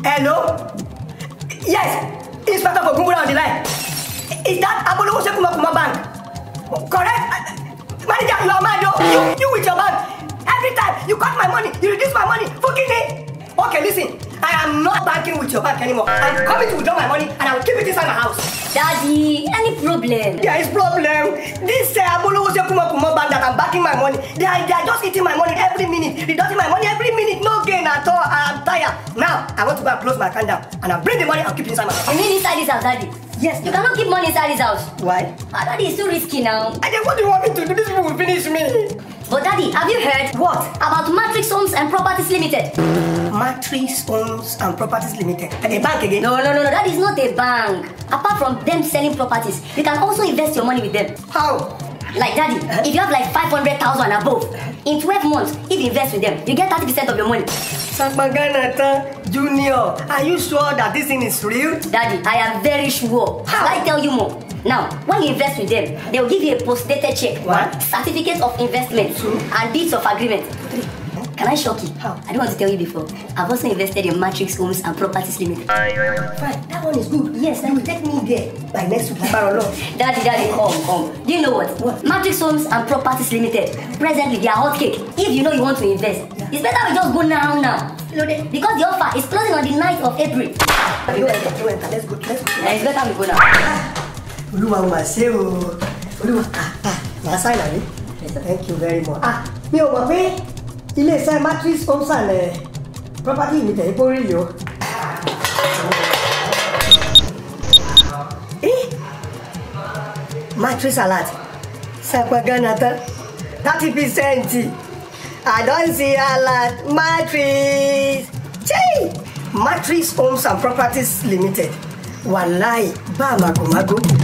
Hello? Yes, Inspector Kogunbura on the line. Is that Abolowo Kumakuma Bank? Correct? Manager, you are mad, yo. Oh. You, you with your bank. Every time you cut my money, you reduce my money. Fucking it. Okay, listen. I am not banking with your bank anymore. I'm coming to withdraw my money and I will keep it inside my house. Daddy, any problem? There is problem. This uh, Abolowo Kumakuma Bank that I'm backing my money, they are, they are just eating my money every minute, reducing my money. I want to go and close my account down and i bring the money and keep inside my house. You mean inside this house, Daddy? Yes. You cannot keep money inside this house. Why? My ah, daddy is too risky now. And then what do you want me to do? This people will finish me. But daddy, have you heard? What? About Matrix Homes and Properties Limited. Matrix Homes and Properties Limited. And a bank again? No, no, no, no. That is not a bank. Apart from them selling properties, you can also invest your money with them. How? Like daddy, if you have like 500,000 above, in 12 months, if you invest with them, you get 30% of your money. Sampanganata Junior, are you sure that this thing is real? Daddy, I am very sure. How? I tell you more. Now, when you invest with them, they will give you a postdated check, what? certificate of investment, Two. and deeds of agreement. Three. Can I shock you? How? I don't want to tell you before. I've also invested in Matrix Homes and Properties Limited. Fine, that one is good. Yes, that will take me there by next week. daddy, daddy, come, come. Do you know what? What? Matrix Homes and Properties Limited. Presently, they are hot cake. If you know you want to invest, yeah. it's better we just go now, now. Loaded. Because the offer is closing on the 9th of April. You enter, you enter. Let's go, let's go. Yeah, it's better we go now. Ah, Olúwa ma ṣe o. ah ah. Màá sáyìn Thank you very much. Ah mi ò mọ̀ iléeṣẹ́ matrix homesalẹ̀ eh, property limited epo rìlì matrix alert sẹpẹ gánà tán thirty percent i don see alert matrix chee matrix homes and properties limited wàláì bá a màgòmágó.